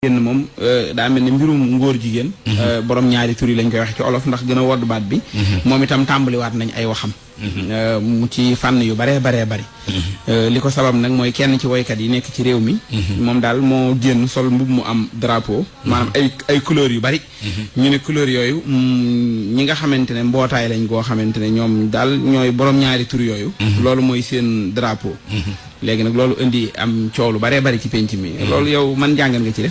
génn moom euh, daa mel ni mbirum ngóor jigéen mhm. euh, borom ñaari tur yi lañ koy wax ci olof ndax gën a wodd baat bi mhm. moom itam tàmbaliwaat nañ ay waxam mhm. euh, mu ci fànn yu baree baree bari li ko sabab nag mooy kenn ci woykat yi nekk ci réew mi moom daal moo génn sol mbub mu am drapeau maanaam ay ay couleurs yu bari ñu ne couleurs yooyu mm, ñi nga xamante ne mbootaay lañ goo xamante ne ñoom daal ñooy borom ñaari tur yooyu loolu mooy seen drapeau léegi nag loolu indi am coow lu baree bari ci penc mi loolu yow man jàngal ci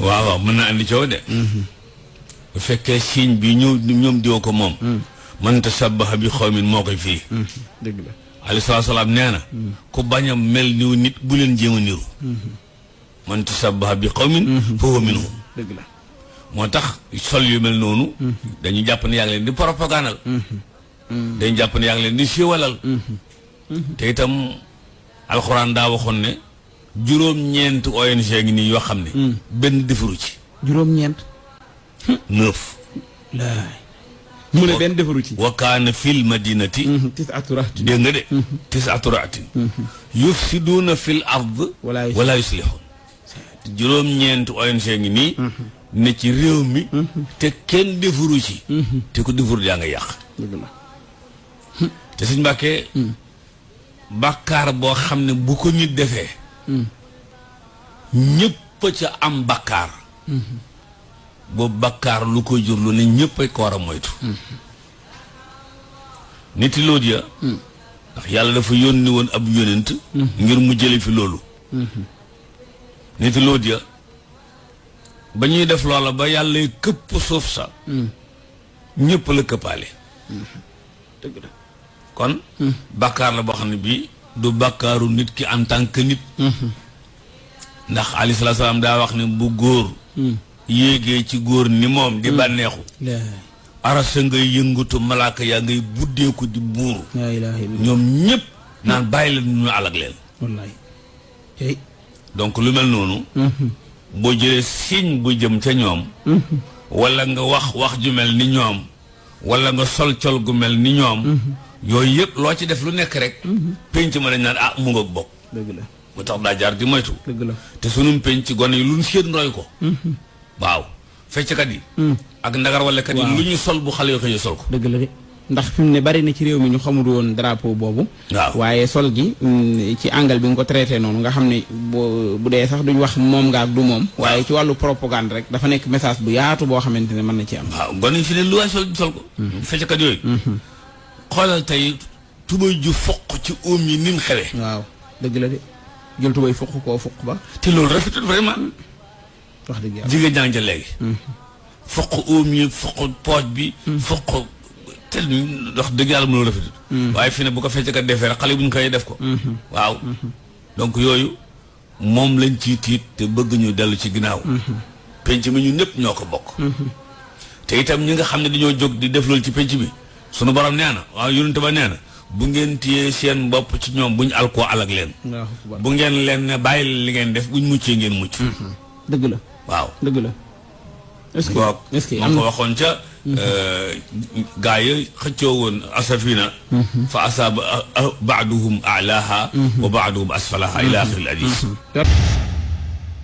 waaw waaw mën na ni coow de. Mhm. bu fekkee siiñ bi ñu ñoom diwa ko moom. Mhm. man tashabbaha bi xawmin moo koy fii. Mhm. dëgg la alayhi salaam nee na. ku bañ mel niw nit bu leen jéem a niru. man tashabbaha bi xaw fa huwa minhum. moo tax sol yu mel noonu. dañu jàpp ne yaa ngi leen di propagandal. dañu jàpp ne yaa leen di siiwalal. te itam alxuraan daa waxoon ne. juróom-ñeent ONG ngi nii yoo xam ne. Hmm. benn defaru ci. juróom mu ne benn defaru ci. wa fil madinati. Hmm, tis aturaatin dégg nga de. Hmm. tis aturaatin. yufsiduuna fil ard. wala yuslihun juróom-ñeent ONG ngi nii. ne ci réew mi. te kenn defaru ci. te ku defaru yaa nga yàq. te suñu Mbàkke. bàkkaar boo xam ne bu ko nit defee. ñépp ca am bakkaar boobu bakkaar lu ko jur lu ne ñépp a ko war a moytu nit ya ndax yàlla dafa yónni ab yónent ngir mu jële fi loolu nit ya ba ñuy def loola ba yàlla këpp suuf sa ñépp la këppaale dëgg la kon bakkaar la boo xam ne bii du bàkkaaru nit ki en tant que nit mhm. ndax aleyhi salaam daa wax ne bu góor mm. yéegee ci góor ni moom di mm. bànneexu arasa nga yëngatu malaaka yaa ngay buddeeku di buuru ñoom ñëpp naan bàyyi la ñu alag leen donc lu mel noonu mhm. boo jëlee signe bu jëm ca ñoom mhm. wala nga wax wax ju mel ni ñoom wala nga sol col gu mel ni ñoom yooyu yëpp loo ci def lu nekk rek. Mhm. penc ma dañ naan ah mu nga bokk. dëgg la mu tax daa jaar di moytu. dëgg la te sunum ci gone yi lu ñu séen roy ko. Mhm. waaw fecckat yi. Mm. ak ndagar wala kat yi lu ñu sol bu xale yoo xëy sol ko. dëgg la de ndax fi mu ne bari na ci réew mi ñu xamul woon drapeau boobu. waaw waaye sol gi mm, ci angle bi nga ko traité noonu nga xam ne boo bu dee sax duñ wax moom nga ak du moom. waaye ci wàllu propagande rek dafa nekk message bu yaatu boo xamante ne mën na ci am. waaw gone yi fi ne lu waay sol sol ko. Mhm. yooyu. xoolal tey tubay ju foq ci oom yi nim xewe waaw dëgg la de jël tubay foq koo foq ba te loolu rafetul vraiment wax dëgg yàlla jigéen ñaa ngi jël léegi mm-hmm. foq yi foq pooj bi mm-hmm. foq te wax dëgg yàlla mu loolu rafetul mm-hmm. waaye fi ne bu ko fecc ka defee rek xale bu ñu koy def ko waaw donc yooyu moom lañ ci tiit te bëgg ñu dellu ci ginnaaw penc mi ñu ñëpp ñoo ko bokk te itam ñi nga xam ne dañoo jóg di def loolu ci penc bi sunu borom nee na waaw yonent ba nee bu ngeen téyee seen bopp ci ñoom bu ñu alkoo alak leen bu ngeen leen ne bàyyi li ngeen def bu ñu muccee ngeen mucc hmm, hmm. dëgg la waaw dëgg la est-ce que moom ko waxoon ca hmm, euh, gaa yi xëccoo woon asafina fa asaaba baaduhum alaaha wa baaduhum asfalaha ila axiril